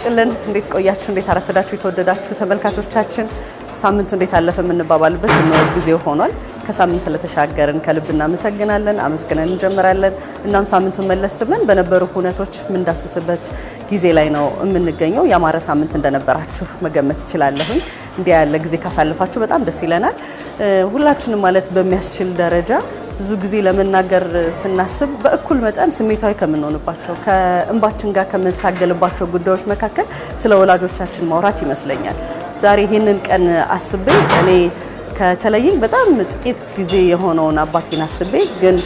ይስጥልን። እንዴት ቆያችሁ? እንዴት አረፈዳችሁ? የተወደዳችሁ ተመልካቾቻችን ሳምንቱ እንዴት አለፈ የምንባባልበት የምወድ ጊዜ ሆኗል። ከሳምንት ስለተሻገርን ከልብ እናመሰግናለን። አመስግነን እንጀምራለን። እናም ሳምንቱን መለስ ብለን በነበሩ ሁነቶች የምንዳስስበት ጊዜ ላይ ነው የምንገኘው። ያማረ ሳምንት እንደነበራችሁ መገመት እችላለሁኝ። እንዲያ ያለ ጊዜ ካሳልፋችሁ በጣም ደስ ይለናል። ሁላችንም ማለት በሚያስችል ደረጃ ብዙ ጊዜ ለመናገር ስናስብ በእኩል መጠን ስሜታዊ ከምንሆንባቸው ከእንባችን ጋር ከምንታገልባቸው ጉዳዮች መካከል ስለ ወላጆቻችን ማውራት ይመስለኛል። ዛሬ ይህንን ቀን አስቤ እኔ ከተለየኝ በጣም ጥቂት ጊዜ የሆነውን አባቴን አስቤ ግን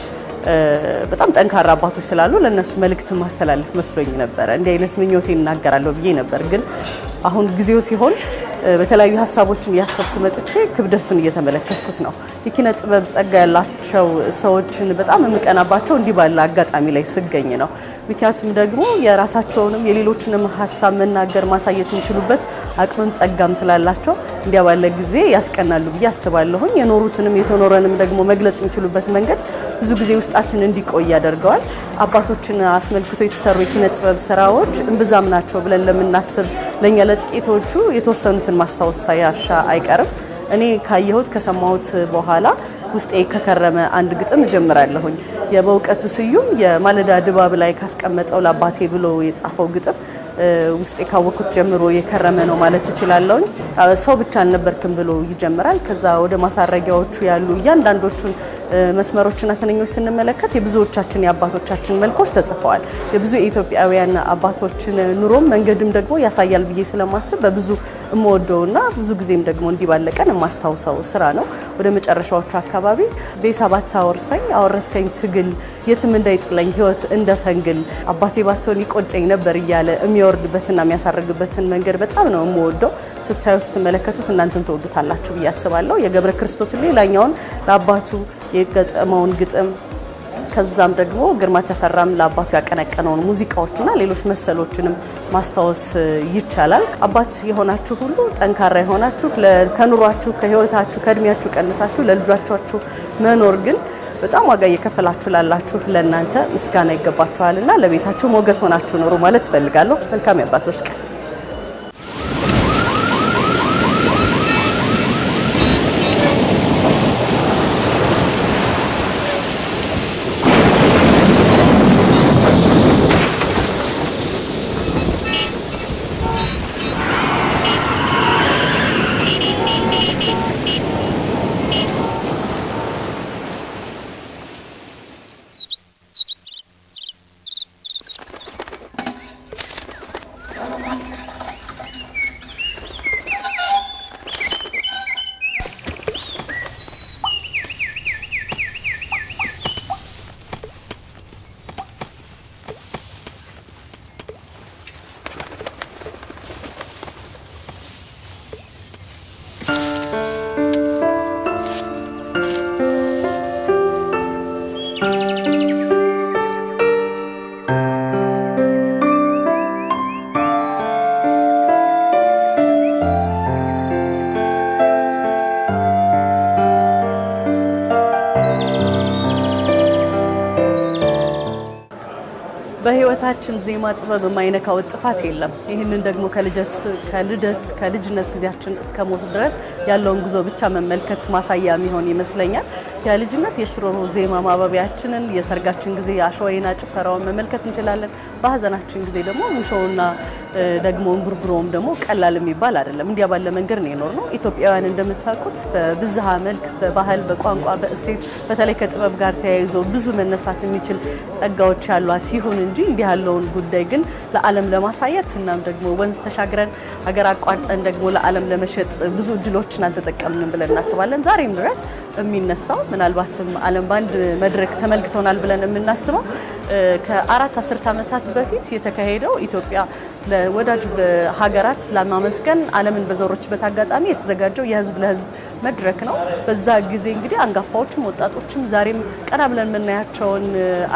በጣም ጠንካራ አባቶች ስላሉ ለእነሱ መልእክት ማስተላለፍ መስሎኝ ነበረ። እንዲህ አይነት ምኞቴ እናገራለሁ ብዬ ነበር። ግን አሁን ጊዜው ሲሆን በተለያዩ ሀሳቦችን እያሰብኩ መጥቼ ክብደቱን እየተመለከትኩት ነው። የኪነ ጥበብ ጸጋ ያላቸው ሰዎችን በጣም የምቀናባቸው እንዲህ ባለ አጋጣሚ ላይ ስገኝ ነው። ምክንያቱም ደግሞ የራሳቸውንም የሌሎችንም ሀሳብ መናገር ማሳየት የሚችሉበት አቅምም ጸጋም ስላላቸው እንዲያ ባለ ጊዜ ያስቀናሉ ብዬ አስባለሁኝ። የኖሩትንም የተኖረንም ደግሞ መግለጽ የሚችሉበት መንገድ ብዙ ጊዜ ውስጣችን እንዲቆይ ያደርገዋል። አባቶችን አስመልክቶ የተሰሩ የኪነ ጥበብ ስራዎች እምብዛም ናቸው ብለን ለምናስብ ለእኛ ለጥቂቶቹ የተወሰኑትን ማስታወስ ሳያሻ አይቀርም። እኔ ካየሁት ከሰማሁት በኋላ ውስጤ ከከረመ አንድ ግጥም እጀምራለሁኝ። የበእውቀቱ ስዩም የማለዳ ድባብ ላይ ካስቀመጠው ለአባቴ ብሎ የጻፈው ግጥም ውስጤ ካወቅኩት ጀምሮ የከረመ ነው ማለት እችላለሁኝ። ሰው ብቻ አልነበርክም ብሎ ይጀምራል። ከዛ ወደ ማሳረጊያዎቹ ያሉ እያንዳንዶቹን መስመሮችና ስንኞች ስንመለከት የብዙዎቻችን የአባቶቻችን መልኮች ተጽፈዋል። የብዙ የኢትዮጵያውያን አባቶችን ኑሮም መንገድም ደግሞ ያሳያል ብዬ ስለማስብ በብዙ ና ብዙ ጊዜም ደግሞ እንዲባለቀን የማስታውሰው ስራ ነው። ወደ መጨረሻዎቹ አካባቢ ቤሰባት አወርሰኝ አወረስከኝ ትግል የትም እንዳይጥለኝ ህይወት እንደፈንግል አባቴ ባቶን ይቆጨኝ ነበር እያለ የሚወርድበትና የሚያሳርግበትን መንገድ በጣም ነው የምወደው። ስታዩ ስትመለከቱት እናንተን ትወዱታላችሁ ብዬ አስባለሁ። የገብረ ክርስቶስን ሌላኛውን ለአባቱ የገጠመውን ግጥም ከዛም ደግሞ ግርማ ተፈራም ለአባቱ ያቀነቀነውን ሙዚቃዎችና ሌሎች መሰሎችንም ማስታወስ ይቻላል። አባት የሆናችሁ ሁሉ ጠንካራ የሆናችሁ ከኑሯችሁ፣ ከህይወታችሁ፣ ከእድሜያችሁ ቀንሳችሁ ለልጆቻችሁ መኖር ግን በጣም ዋጋ እየከፈላችሁ ላላችሁ ለእናንተ ምስጋና ይገባችኋልና ለቤታችሁ ሞገስ ሆናችሁ ኖሩ ማለት እፈልጋለሁ። መልካም የአባቶች ቀን ዜማ ጥበብ የማይነካው ጥፋት የለም። ይህንን ደግሞ ከልደት ከልጅነት ጊዜያችን እስከ ሞት ድረስ ያለውን ጉዞ ብቻ መመልከት ማሳያ የሚሆን ይመስለኛል። የልጅነት የሽሮሮ ዜማ ማባቢያችንን፣ የሰርጋችን ጊዜ የአሸዋይና ጭፈራውን መመልከት እንችላለን። በሀዘናችን ጊዜ ደግሞ ሙሾውና ደግሞ እንጉርጉሮም ደግሞ ቀላል የሚባል አይደለም። እንዲያ ባለ መንገድ ነው የኖር ነው። ኢትዮጵያውያን እንደምታውቁት በብዝሃ መልክ በባህል በቋንቋ በእሴት በተለይ ከጥበብ ጋር ተያይዞ ብዙ መነሳት የሚችል ጸጋዎች ያሏት ይሁን እንጂ እንዲህ ያለውን ጉዳይ ግን ለዓለም ለማሳየት እናም ደግሞ ወንዝ ተሻግረን ሀገር አቋርጠን ደግሞ ለዓለም ለመሸጥ ብዙ እድሎችን አልተጠቀምንም ብለን እናስባለን። ዛሬም ድረስ የሚነሳው ምናልባትም ዓለም በአንድ መድረክ ተመልክተናል ብለን የምናስበው ከአራት አስርት ዓመታት በፊት የተካሄደው ኢትዮጵያ ለወዳጅ ሀገራት ለማመስገን ዓለምን በዞሮችበት አጋጣሚ የተዘጋጀው የህዝብ ለህዝብ መድረክ ነው። በዛ ጊዜ እንግዲህ አንጋፋዎችም ወጣቶችም ዛሬም ቀና ብለን የምናያቸውን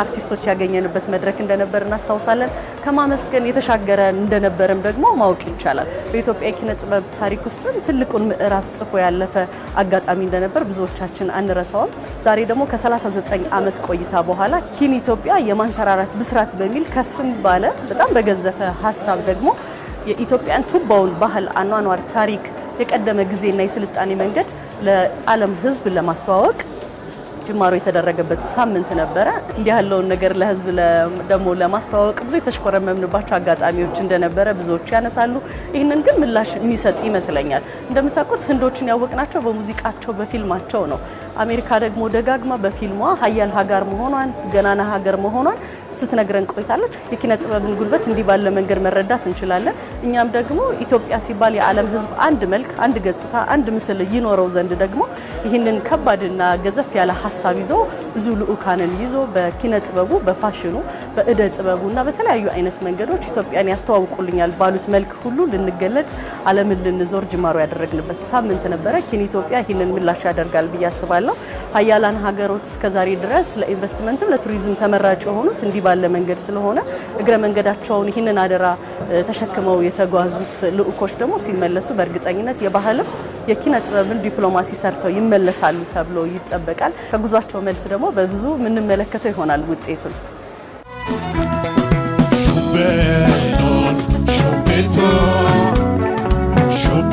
አርቲስቶች ያገኘንበት መድረክ እንደነበር እናስታውሳለን። ከማመስገን የተሻገረ እንደነበረም ደግሞ ማወቅ ይቻላል። በኢትዮጵያ የኪነ ጥበብ ታሪክ ውስጥም ትልቁን ምዕራፍ ጽፎ ያለፈ አጋጣሚ እንደነበር ብዙዎቻችን አንረሳውም። ዛሬ ደግሞ ከ39 ዓመት ቆይታ በኋላ ኪን ኢትዮጵያ የማንሰራራት ብስራት በሚል ከፍም ባለ በጣም በገዘፈ ሀሳብ ደግሞ የኢትዮጵያን ቱባውን ባህል፣ አኗኗር፣ ታሪክ የቀደመ ጊዜና የስልጣኔ መንገድ ለዓለም ሕዝብ ለማስተዋወቅ ጅማሮ የተደረገበት ሳምንት ነበረ። እንዲህ ያለውን ነገር ለህዝብ ደግሞ ለማስተዋወቅ ብዙ የተሽኮረመምንባቸው አጋጣሚዎች እንደነበረ ብዙዎቹ ያነሳሉ። ይህንን ግን ምላሽ የሚሰጥ ይመስለኛል። እንደምታውቁት ህንዶችን ያወቅናቸው በሙዚቃቸው፣ በፊልማቸው ነው። አሜሪካ ደግሞ ደጋግማ በፊልሟ ሀያል ሀገር መሆኗን ገናና ሀገር መሆኗን ስትነግረን ቆይታለች። የኪነ ጥበብን ጉልበት እንዲህ ባለ መንገድ መረዳት እንችላለን። እኛም ደግሞ ኢትዮጵያ ሲባል የዓለም ሕዝብ አንድ መልክ፣ አንድ ገጽታ፣ አንድ ምስል ይኖረው ዘንድ ደግሞ ይህንን ከባድና ገዘፍ ያለ ሀሳብ ይዞ ብዙ ልዑካንን ይዞ በኪነ ጥበቡ፣ በፋሽኑ፣ በእደ ጥበቡ እና በተለያዩ አይነት መንገዶች ኢትዮጵያን ያስተዋውቁልኛል ባሉት መልክ ሁሉ ልንገለጥ ዓለምን ልንዞር ጅማሮ ያደረግንበት ሳምንት ነበረ። ኪን ኢትዮጵያ ይህንን ምላሽ ያደርጋል ብዬ አስባለሁ። ሀያላን ሀገሮች እስከዛሬ ድረስ ለኢንቨስትመንትም ለቱሪዝም ተመራጭ የሆኑት እንዲህ ባለ መንገድ ስለሆነ እግረ መንገዳቸውን ይህንን አደራ ተሸክመው የተጓዙት ልዑኮች ደግሞ ሲመለሱ በእርግጠኝነት የባህልም የኪነ ጥበብን ዲፕሎማሲ ሰርተው ይመለሳሉ ተብሎ ይጠበቃል። ከጉዟቸው መልስ ደግሞ በብዙ የምንመለከተው ይሆናል ውጤቱን። ሾቤቶ ሾቤ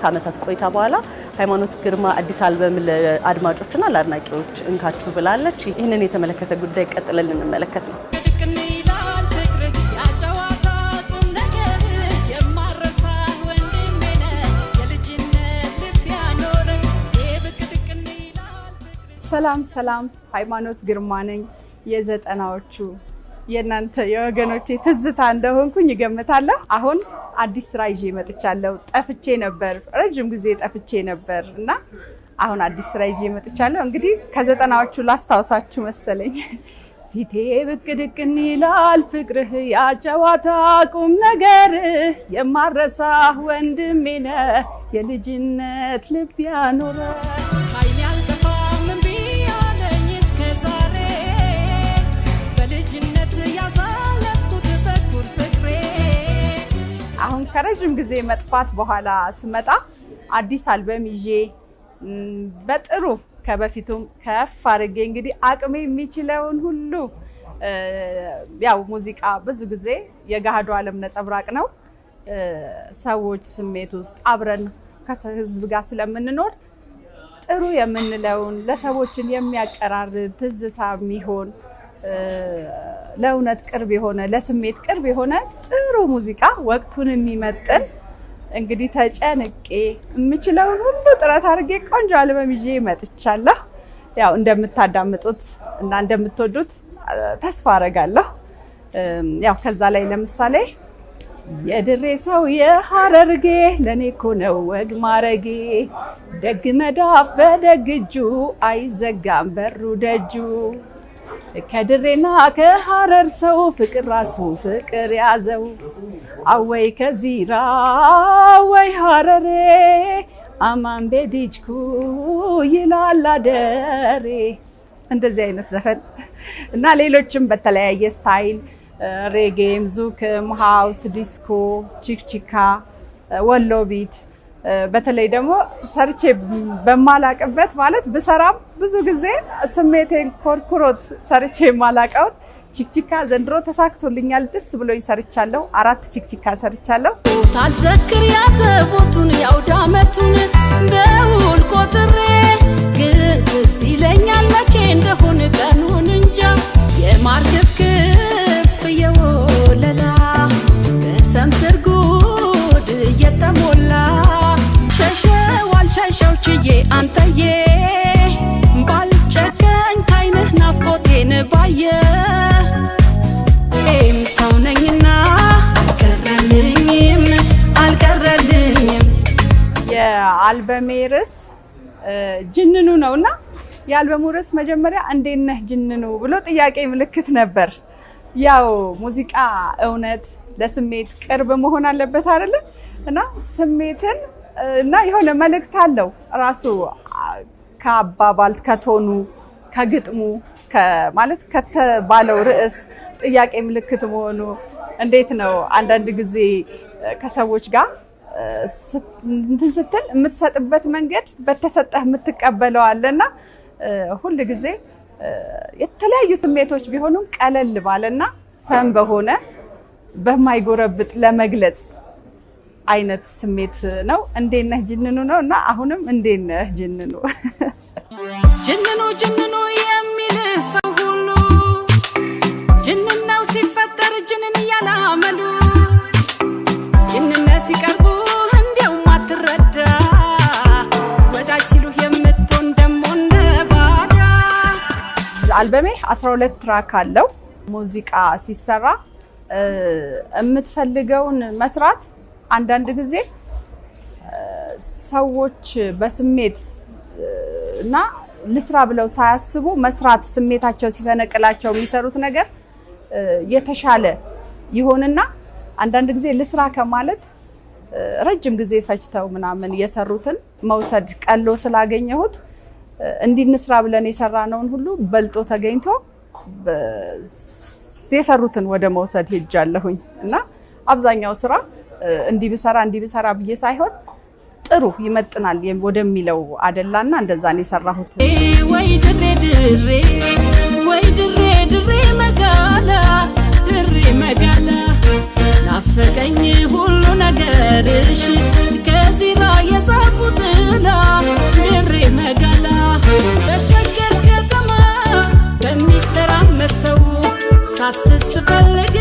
ከዓመታት ቆይታ በኋላ ሃይማኖት ግርማ አዲስ አልበም ለአድማጮችና ለአድናቂዎች እንካችሁ ብላለች። ይህንን የተመለከተ ጉዳይ ቀጥለን እንመለከት ነው። ሰላም ሰላም፣ ሃይማኖት ግርማ ነኝ የዘጠናዎቹ የእናንተ የወገኖቼ ትዝታ እንደሆንኩኝ ይገምታለሁ። አሁን አዲስ ስራ ይዤ መጥቻለሁ። ጠፍቼ ነበር፣ ረጅም ጊዜ ጠፍቼ ነበር እና አሁን አዲስ ስራ ይዤ መጥቻለሁ። እንግዲህ ከዘጠናዎቹ ላስታውሳችሁ መሰለኝ። ፊቴ ብቅ ድቅን ይላል ፍቅርህ፣ ያጨዋታ ቁም ነገር የማረሳህ ወንድሜ ነህ የልጅነት ልብ ያኖረ ከረዥም ጊዜ መጥፋት በኋላ ስመጣ አዲስ አልበም ይዤ በጥሩ ከበፊቱም ከፍ አድርጌ እንግዲህ አቅሜ የሚችለውን ሁሉ ያው ሙዚቃ ብዙ ጊዜ የገሃዱ ዓለም ነጸብራቅ ነው። ሰዎች ስሜት ውስጥ አብረን ከህዝብ ጋር ስለምንኖር ጥሩ የምንለውን ለሰዎችን የሚያቀራርብ ትዝታ የሚሆን ለእውነት ቅርብ የሆነ ለስሜት ቅርብ የሆነ ጥሩ ሙዚቃ ወቅቱን የሚመጥን እንግዲህ ተጨንቄ የምችለውን ሁሉ ጥረት አድርጌ ቆንጆ አልበም ይዤ መጥቻለሁ። ያው እንደምታዳምጡት እና እንደምትወዱት ተስፋ አረጋለሁ። ያው ከዛ ላይ ለምሳሌ የድሬ ሰው የሀረርጌ ለኔ እኮ ነው ወግ ማረጌ፣ ደግ መዳፍ በደግ እጁ አይዘጋም በሩ ደጁ ከድሬና ከሐረር ሰው ፍቅር ራሱ ፍቅር ያዘው አወይ ከዚራ አወይ ሐረሬ አማን ቤዲጅኩ ይላል አደሬ። እንደዚህ አይነት ዘፈን እና ሌሎችም በተለያየ ስታይል ሬጌም፣ ዙክም፣ ሃውስ፣ ዲስኮ፣ ቺክቺካ፣ ወሎ ቢት በተለይ ደግሞ ሰርቼ በማላቅበት ማለት ብሰራም ብዙ ጊዜ ስሜቴን ኮርኩሮት ሰርቼ የማላቀውን ቺክቺካ ዘንድሮ ተሳክቶልኛል። ደስ ብሎኝ ሰርቻለሁ። አራት ቺክቺካ ሰርቻለሁ። ታልዘክር ያዘቦቱን ያውዳመቱን በውል ቆጥሬ ግን ትዝ ይለኛል መቼ እንደሆነ ቀኑን እንጃ የማር ልሻው አንተዬ ባልጨከኝ ካይንህ ናፍቆቴን ባየ ኤም ሰው ነኝና አልቀረልኝም አልቀረልኝም። የአልበሜ ርዕስ ጅንኑ ነውና የአልበሙ ርዕስ መጀመሪያ እንዴት ነህ ጅንኑ ብሎ ጥያቄ ምልክት ነበር። ያው ሙዚቃ እውነት ለስሜት ቅርብ መሆን አለበት እና ስሜትን እና የሆነ መልእክት አለው ራሱ ከአባባል ከቶኑ ከግጥሙ ማለት ከተባለው ርዕስ ጥያቄ ምልክት መሆኑ እንዴት ነው አንዳንድ ጊዜ ከሰዎች ጋር እንትን ስትል የምትሰጥበት መንገድ በተሰጠህ የምትቀበለው አለና ሁል ጊዜ የተለያዩ ስሜቶች ቢሆኑም ቀለል ባለና ፈን በሆነ በማይጎረብጥ ለመግለጽ አይነት ስሜት ነው። እንዴት ነህ ጅንኑ ነው እና አሁንም እንዴት ነህ ጅንኑ ጅንኑ ጅንኑ የሚል ሰው ሁሉ ጅንን ነው ሲፈጠር ጅንን እያላመሉ ጅንነት ሲቀርቡ እንዲያውም አትረዳ ወዳጅ ሲሉህ የምትሆን ደሞ ነባዳ። አልበሜ 12 ትራክ አለው። ሙዚቃ ሲሰራ የምትፈልገውን መስራት አንዳንድ ጊዜ ሰዎች በስሜት እና ልስራ ብለው ሳያስቡ መስራት ስሜታቸው ሲፈነቅላቸው የሚሰሩት ነገር የተሻለ ይሆንና አንዳንድ ጊዜ ልስራ ከማለት ረጅም ጊዜ ፈጅተው ምናምን የሰሩትን መውሰድ ቀሎ ስላገኘሁት እንዲንስራ ብለን የሰራነውን ሁሉ በልጦ ተገኝቶ የሰሩትን ወደ መውሰድ ሄጃለሁኝ እና አብዛኛው ስራ እንዲህ ብሰራ እንዲህ ብሰራ ብዬ ሳይሆን ጥሩ ይመጥናል ወደሚለው አደላና እንደዛ ነው የሰራሁት። ወይ ድሬ ድሬ ወይ ድሬ ድሬ መጋላ ድሬ መጋላ ናፈቀኝ ሁሉ ነገርሽ ከዚራ የዛፉ ጥላ ድሬ መጋላ በሸገር ከተማ በሚተራመሰው ሳስስ ፈልግ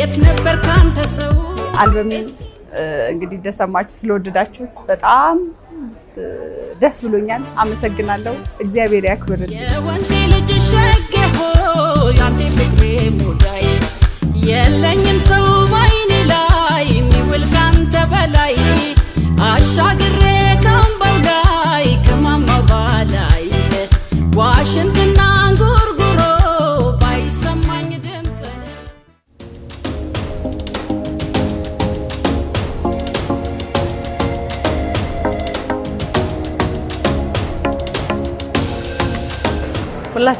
የት ነበር ካንተ ሰው አልበሜን እንግዲህ እንደሰማችሁ ስለወደዳችሁት በጣም ደስ ብሎኛል። አመሰግናለሁ። እግዚአብሔር ያክብርልኝ።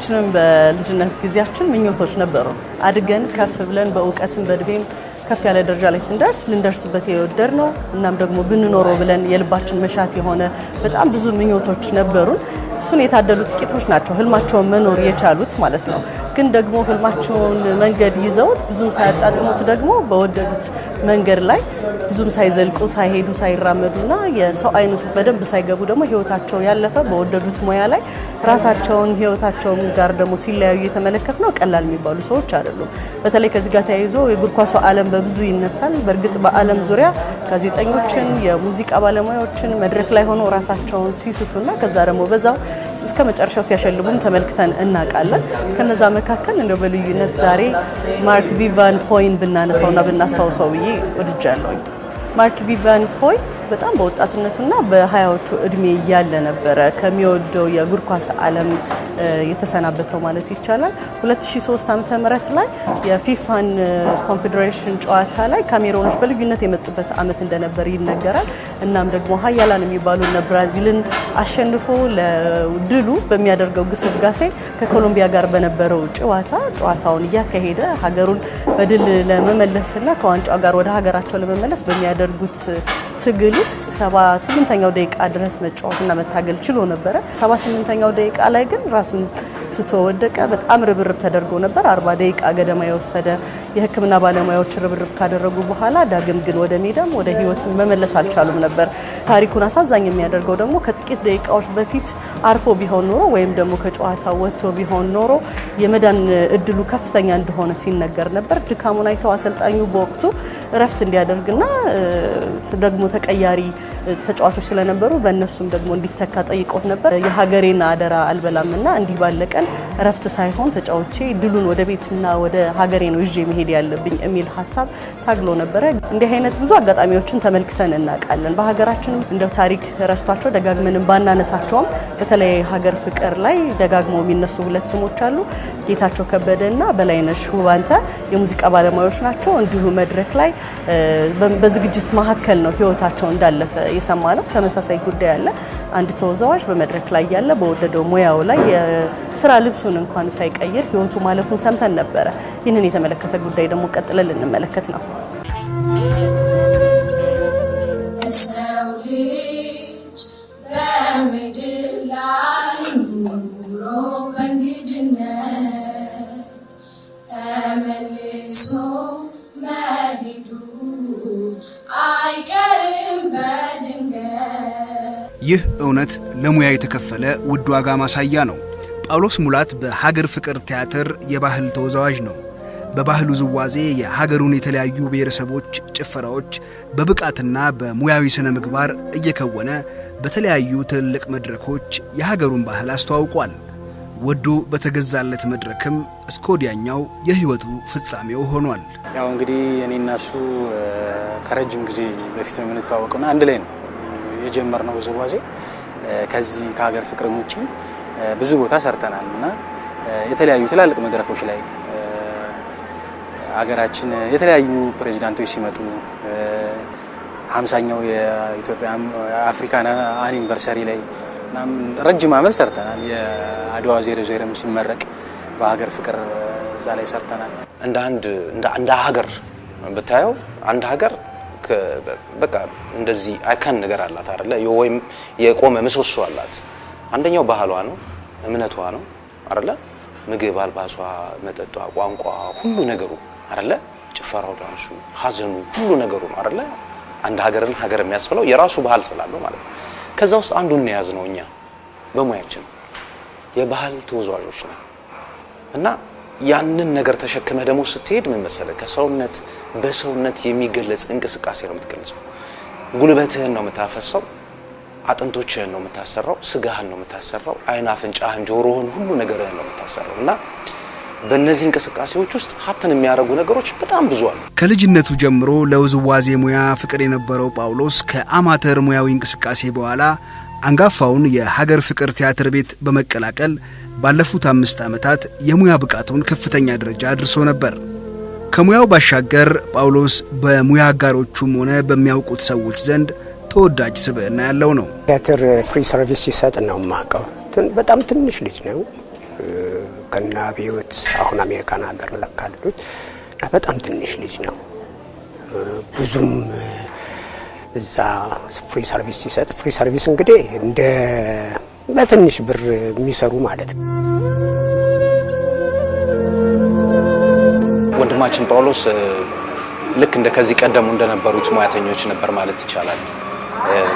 ሁላችንም በልጅነት ጊዜያችን ምኞቶች ነበሩ። አድገን ከፍ ብለን በእውቀትም በእድሜም ከፍ ያለ ደረጃ ላይ ስንደርስ ልንደርስበት የወደድ ነው እናም ደግሞ ብንኖረው ብለን የልባችን መሻት የሆነ በጣም ብዙ ምኞቶች ነበሩን። እሱን የታደሉ ጥቂቶች ናቸው ህልማቸውን መኖር የቻሉት ማለት ነው። ግን ደግሞ ህልማቸውን መንገድ ይዘውት ብዙም ሳያጣጥሙት ደግሞ በወደዱት መንገድ ላይ ብዙም ሳይዘልቁ ሳይሄዱ ሳይራመዱና የሰው አይን ውስጥ በደንብ ሳይገቡ ደግሞ ህይወታቸው ያለፈ በወደዱት ሙያ ላይ ራሳቸውን ህይወታቸውን ጋር ደግሞ ሲለያዩ የተመለከት ነው ቀላል የሚባሉ ሰዎች አይደሉም። በተለይ ከዚህ ጋር ተያይዞ የእግር ኳሱ ዓለም በብዙ ይነሳል። በእርግጥ በዓለም ዙሪያ ጋዜጠኞችን፣ የሙዚቃ ባለሙያዎችን መድረክ ላይ ሆኖ ራሳቸውን ሲስቱና ከዛ ደግሞ በዛው እስከ መጨረሻው ሲያሸልሙም ተመልክተን እናውቃለን። ከነዛ መካከል እንደው በልዩነት ዛሬ ማርክ ቪቫን ፎይን ብናነሳውና ብናስታውሰው ብዬ ወድጃለሁኝ። ማርክ ቪቫን ፎይ በጣም በወጣትነቱና በሀያዎቹ እድሜ እያለ ነበረ ከሚወደው የእግር ኳስ ዓለም የተሰናበተው ማለት ይቻላል። 2003 ምህረት ላይ የፊፋን ኮንፌዴሬሽን ጨዋታ ላይ ካሜሮኖች በልዩነት የመጡበት ዓመት እንደነበር ይነገራል። እናም ደግሞ ሀያላን የሚባሉ እነ ብራዚልን አሸንፎ ለድሉ በሚያደርገው ግስጋሴ ከኮሎምቢያ ጋር በነበረው ጨዋታ ጨዋታውን እያካሄደ ሀገሩን በድል ለመመለስና ከዋንጫ ጋር ወደ ሀገራቸው ለመመለስ በሚያደርጉት ትግል ውስጥ ሰባ ስምንተኛው ደቂቃ ድረስ መጫወትና መታገል ችሎ ነበረ። ሰባ ስምንተኛው ደቂቃ ላይ ግን ራሱን ስቶ ወደቀ። በጣም ርብርብ ተደርጎ ነበር። አርባ ደቂቃ ገደማ የወሰደ የሕክምና ባለሙያዎች ርብርብ ካደረጉ በኋላ ዳግም ግን ወደ ሜዳም ወደ ሕይወት መመለስ አልቻሉም ነበር። ታሪኩን አሳዛኝ የሚያደርገው ደግሞ ከጥቂት ደቂቃዎች በፊት አርፎ ቢሆን ኖሮ ወይም ደግሞ ከጨዋታ ወጥቶ ቢሆን ኖሮ የመዳን እድሉ ከፍተኛ እንደሆነ ሲነገር ነበር። ድካሙን አይተው አሰልጣኙ በወቅቱ እረፍት እንዲያደርግና ደግሞ ተቀያሪ ተጫዋቾች ስለነበሩ በእነሱም ደግሞ እንዲተካ ጠይቆት ነበር። የሀገሬን አደራ አልበላምና እንዲህ ባለቀን እረፍት ሳይሆን ተጫዋቼ ድሉን ወደ ቤትና ወደ ሀገሬ ነው ይዤ መሄድ ያለብኝ የሚል ሀሳብ ታግሎ ነበረ። እንዲህ አይነት ብዙ አጋጣሚዎችን ተመልክተን እናውቃለን። በሀገራችንም እንደ ታሪክ ረስቷቸው ደጋግመንም ባናነሳቸውም በተለይ ሀገር ፍቅር ላይ ደጋግመው የሚነሱ ሁለት ስሞች አሉ። ጌታቸው ከበደ እና በላይነሽ ውባንተ የሙዚቃ ባለሙያዎች ናቸው። እንዲሁ መድረክ ላይ በዝግጅት መካከል ነው ህይወታቸው እንዳለፈ የሰማ ነው። ተመሳሳይ ጉዳይ አለ። አንድ ተወዛዋዥ በመድረክ ላይ ያለ በወደደው ሙያው ላይ የስራ ልብሱን እንኳን ሳይቀይር ህይወቱ ማለፉን ሰምተን ነበረ። ይህንን የተመለከተ ጉዳይ ደግሞ ቀጥለን ልንመለከት ነው። ሰው ልጅ በምድር ላይ ኑሮ አይቀርም በድንገት። ይህ እውነት ለሙያ የተከፈለ ውድ ዋጋ ማሳያ ነው። ጳውሎስ ሙላት በሀገር ፍቅር ቲያትር የባህል ተወዛዋዥ ነው። በባህል ዝዋዜ የሀገሩን የተለያዩ ብሔረሰቦች ጭፈራዎች በብቃትና በሙያዊ ስነ ምግባር እየከወነ በተለያዩ ትልልቅ መድረኮች የሀገሩን ባህል አስተዋውቋል። ወዶ በተገዛለት መድረክም እስከ ወዲያኛው የህይወቱ ፍጻሜው ሆኗል። ያው እንግዲህ እኔ እና እሱ ከረጅም ጊዜ በፊት ነው የምንተዋወቀውና አንድ ላይ ነው የጀመርነው ውዝዋዜ። ከዚህ ከሀገር ፍቅርም ውጭ ብዙ ቦታ ሰርተናል እና የተለያዩ ትላልቅ መድረኮች ላይ ሀገራችን የተለያዩ ፕሬዚዳንቶች ሲመጡ ሀምሳኛው የኢትዮጵያ አፍሪካን አኒቨርሰሪ ላይ ረጅም ዓመት ሰርተናል። የአድዋ ዜሮ ዜሮም ሲመረቅ በሀገር ፍቅር እዛ ላይ ሰርተናል። እንደ አንድ እንደ ሀገር ብታየው አንድ ሀገር በቃ እንደዚህ አይካን ነገር አላት አለ ወይም የቆመ ምሰሶ አላት። አንደኛው ባህሏ ነው፣ እምነቷ ነው አለ ምግብ፣ አልባሷ፣ መጠጧ፣ ቋንቋ፣ ሁሉ ነገሩ አለ ጭፈራው፣ ዳንሱ፣ ሀዘኑ፣ ሁሉ ነገሩ ነው አለ አንድ ሀገርን ሀገር የሚያስብለው የራሱ ባህል ስላለው ማለት ነው። ከዛ ውስጥ አንዱን ነው የያዝነው እኛ በሙያችን የባህል ተወዛዋዦች ነው እና ያንን ነገር ተሸክመ ደግሞ ስትሄድ ምን መሰለ ከሰውነት በሰውነት የሚገለጽ እንቅስቃሴ ነው የምትገልጸው። ጉልበትህን ነው የምታፈሰው፣ አጥንቶችህን ነው የምታሰራው፣ ስጋህን ነው የምታሰራው፣ አይን አፍንጫህን፣ ጆሮህን፣ ሁሉ ነገርህን ነው የምታሰራው እና በእነዚህ እንቅስቃሴዎች ውስጥ ሀፕን የሚያደርጉ ነገሮች በጣም ብዙ አሉ። ከልጅነቱ ጀምሮ ለውዝዋዜ ሙያ ፍቅር የነበረው ጳውሎስ ከአማተር ሙያዊ እንቅስቃሴ በኋላ አንጋፋውን የሀገር ፍቅር ቲያትር ቤት በመቀላቀል ባለፉት አምስት ዓመታት የሙያ ብቃቱን ከፍተኛ ደረጃ አድርሶ ነበር። ከሙያው ባሻገር ጳውሎስ በሙያ አጋሮቹም ሆነ በሚያውቁት ሰዎች ዘንድ ተወዳጅ ስብዕና ያለው ነው። ቲያትር ፍሪ ሰርቪስ ሲሰጥ ነው የማውቀው። በጣም ትንሽ ልጅ ነው ከና አብዮት አሁን አሜሪካን ሀገር ለካሉት እና በጣም ትንሽ ልጅ ነው። ብዙም እዛ ፍሪ ሰርቪስ ሲሰጥ ፍሪ ሰርቪስ እንግዲህ እንደ በትንሽ ብር የሚሰሩ ማለት ነው። ወንድማችን ጳውሎስ ልክ እንደ ከዚህ ቀደሙ እንደነበሩት ሙያተኞች ነበር ማለት ይቻላል።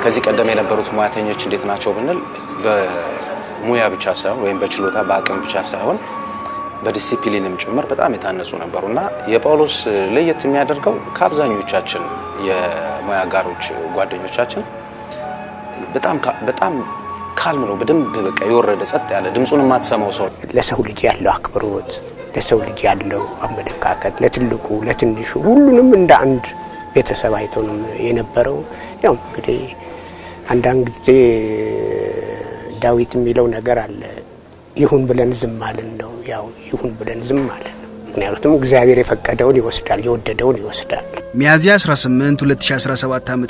ከዚህ ቀደም የነበሩት ሙያተኞች እንዴት ናቸው ብንል ሙያ ብቻ ሳይሆን ወይም በችሎታ በአቅም ብቻ ሳይሆን በዲሲፕሊንም ጭምር በጣም የታነጹ ነበሩ እና የጳውሎስ ለየት የሚያደርገው ከአብዛኞቻችን የሙያ ጋሮች ጓደኞቻችን በጣም ካልም ነው። በደንብ በቃ የወረደ ጸጥ ያለ ድምፁን የማትሰማው ሰው ለሰው ልጅ ያለው አክብሮት፣ ለሰው ልጅ ያለው አመለካከት፣ ለትልቁ ለትንሹ፣ ሁሉንም እንደ አንድ ቤተሰብ አይተው ነው የነበረው ያው እንግዲህ አንዳንድ ጊዜ ዳዊት የሚለው ነገር አለ። ይሁን ብለን ዝም አልን ነው ያው ይሁን ብለን ዝም አልን። ምክንያቱም እግዚአብሔር የፈቀደውን ይወስዳል፣ የወደደውን ይወስዳል። ሚያዝያ 18 2017 ዓ ም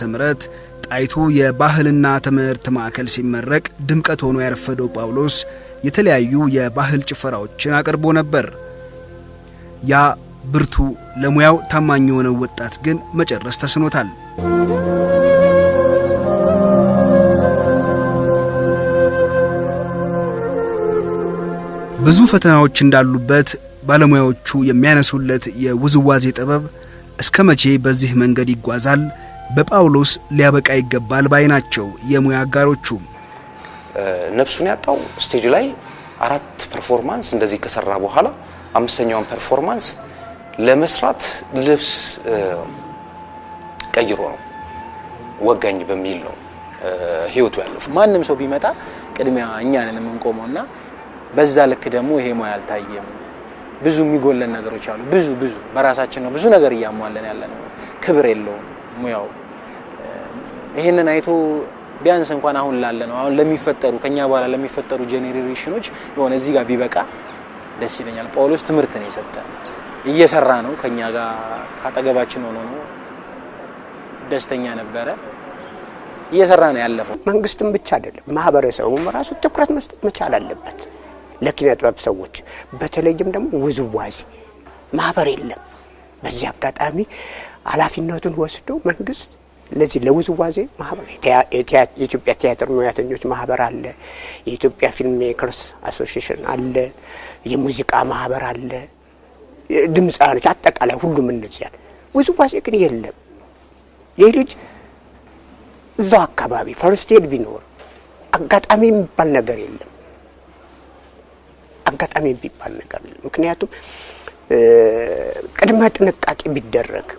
ጣይቱ የባህልና ትምህርት ማዕከል ሲመረቅ ድምቀት ሆኖ ያረፈደው ጳውሎስ የተለያዩ የባህል ጭፈራዎችን አቅርቦ ነበር። ያ ብርቱ ለሙያው ታማኝ የሆነው ወጣት ግን መጨረስ ተስኖታል። ብዙ ፈተናዎች እንዳሉበት ባለሙያዎቹ የሚያነሱለት የውዝዋዜ ጥበብ እስከ መቼ በዚህ መንገድ ይጓዛል? በጳውሎስ ሊያበቃ ይገባል ባይ ናቸው የሙያ አጋሮቹ። ነፍሱን ያጣው ስቴጅ ላይ አራት ፐርፎርማንስ እንደዚህ ከሰራ በኋላ አምስተኛውን ፐርፎርማንስ ለመስራት ልብስ ቀይሮ ነው ወጋኝ በሚል ነው ህይወቱ ያለው። ማንም ሰው ቢመጣ ቅድሚያ እኛንን የምንቆመውና በዛ ልክ ደግሞ ይሄ ሙያ አልታየም። ብዙ የሚጎለን ነገሮች አሉ። ብዙ ብዙ በራሳችን ነው ብዙ ነገር እያሟለን ያለ ነው። ክብር የለውም ሙያው። ይሄንን አይቶ ቢያንስ እንኳን አሁን ላለ ነው አሁን ለሚፈጠሩ ከኛ በኋላ ለሚፈጠሩ ጄኔሬሽኖች የሆነ እዚህ ጋር ቢበቃ ደስ ይለኛል። ጳውሎስ ትምህርት ነው የሰጠ እየሰራ ነው ከኛ ጋር ካጠገባችን ሆኖ ነው ደስተኛ ነበረ። እየሰራ ነው ያለፈው። መንግስትም ብቻ አይደለም ማህበረሰቡም ራሱ ትኩረት መስጠት መቻል አለበት። ለኪነ ጥበብ ሰዎች በተለይም ደግሞ ውዝዋዜ ማህበር የለም። በዚህ አጋጣሚ ኃላፊነቱን ወስዶ መንግስት ለዚህ ለውዝዋዜ ማህበር የኢትዮጵያ ቲያትር ሙያተኞች ማህበር አለ፣ የኢትዮጵያ ፊልም ሜከርስ አሶሲሽን አለ፣ የሙዚቃ ማህበር አለ፣ ድምፃኖች አጠቃላይ ሁሉም እነዚያል። ውዝዋዜ ግን የለም። ይህ ልጅ እዛው አካባቢ ፈርስቴድ ቢኖር አጋጣሚ የሚባል ነገር የለም። አጋጣሚ የሚባል ነገር ምክንያቱም ቅድመ ጥንቃቄ ቢደረግ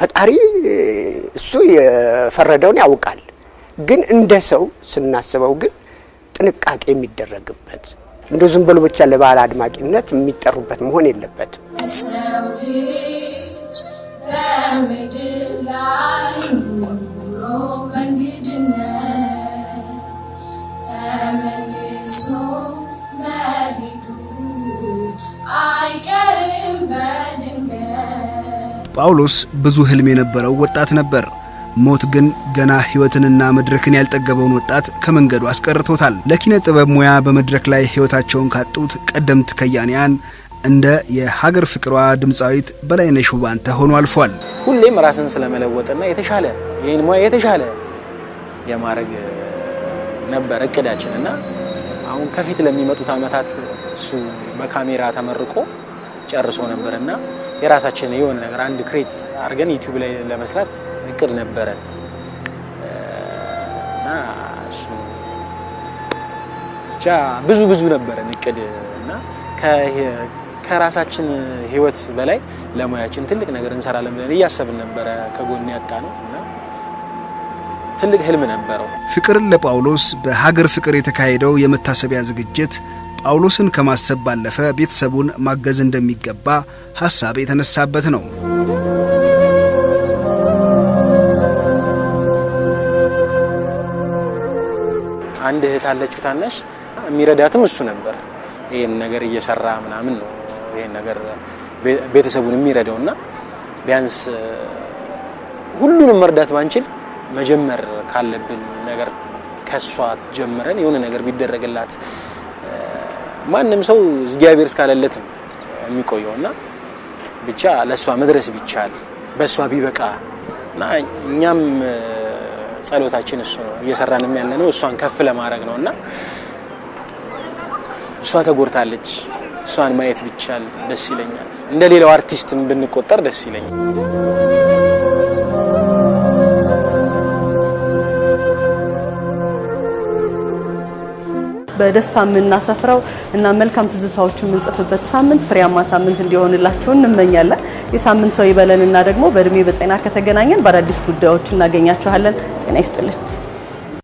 ፈጣሪ እሱ የፈረደውን ያውቃል። ግን እንደ ሰው ስናስበው ግን ጥንቃቄ የሚደረግበት እንደ ዝም ብሎ ብቻ ለባህል አድማቂነት የሚጠሩበት መሆን የለበትም። ሰው ልጅ በምድር ላይ ኑሮ በእንግድነት ጳውሎስ ብዙ ህልም የነበረው ወጣት ነበር። ሞት ግን ገና ህይወትንና መድረክን ያልጠገበውን ወጣት ከመንገዱ አስቀርቶታል። ለኪነ ጥበብ ሙያ በመድረክ ላይ ህይወታቸውን ካጡት ቀደምት ከያንያን እንደ የሀገር ፍቅሯ ድምፃዊት በላይነሽ ውባንተ ሆኖ አልፏል። ሁሌም ራስን ስለመለወጥና የተሻለ ይህን ሙያ የተሻለ የማድረግ ነበር እቅዳችን አሁን ከፊት ለሚመጡት ዓመታት እሱ በካሜራ ተመርቆ ጨርሶ ነበር እና የራሳችን የሆነ ነገር አንድ ክሬት አድርገን ዩቲዩብ ላይ ለመስራት እቅድ ነበረን እና እሱ ብቻ ብዙ ብዙ ነበረን እቅድ እና ከራሳችን ህይወት በላይ ለሙያችን ትልቅ ነገር እንሰራለን ብለን እያሰብን ነበረ። ከጎን ያጣ ነው እና ትልቅ ህልም ነበረው። ፍቅርን ለጳውሎስ በሀገር ፍቅር የተካሄደው የመታሰቢያ ዝግጅት ጳውሎስን ከማሰብ ባለፈ ቤተሰቡን ማገዝ እንደሚገባ ሀሳብ የተነሳበት ነው። አንድ እህት አለችው ታናሽ፣ የሚረዳትም እሱ ነበር። ይህን ነገር እየሰራ ምናምን ነው ይህን ነገር ቤተሰቡን የሚረዳው እና ቢያንስ ሁሉንም መርዳት ባንችል መጀመር ካለብን ነገር ከእሷ ጀምረን የሆነ ነገር ቢደረግላት ማንም ሰው እግዚአብሔር እስካለለት ነው የሚቆየው እና ብቻ ለእሷ መድረስ ቢቻል በእሷ ቢበቃ እና እኛም ጸሎታችን እሱ ነው። እየሰራንም ያለ ነው እሷን ከፍ ለማድረግ ነው እና እሷ ተጎድታለች። እሷን ማየት ቢቻል ደስ ይለኛል። እንደ ሌላው አርቲስትም ብንቆጠር ደስ ይለኛል። በደስታ የምናሰፍረው እና መልካም ትዝታዎች የምንጽፍበት ሳምንት ፍሬያማ ሳምንት እንዲሆንላችሁ እንመኛለን። የሳምንት ሰው ይበለን እና ደግሞ በእድሜ በጤና ከተገናኘን በአዳዲስ ጉዳዮች እናገኛችኋለን። ጤና ይስጥልን።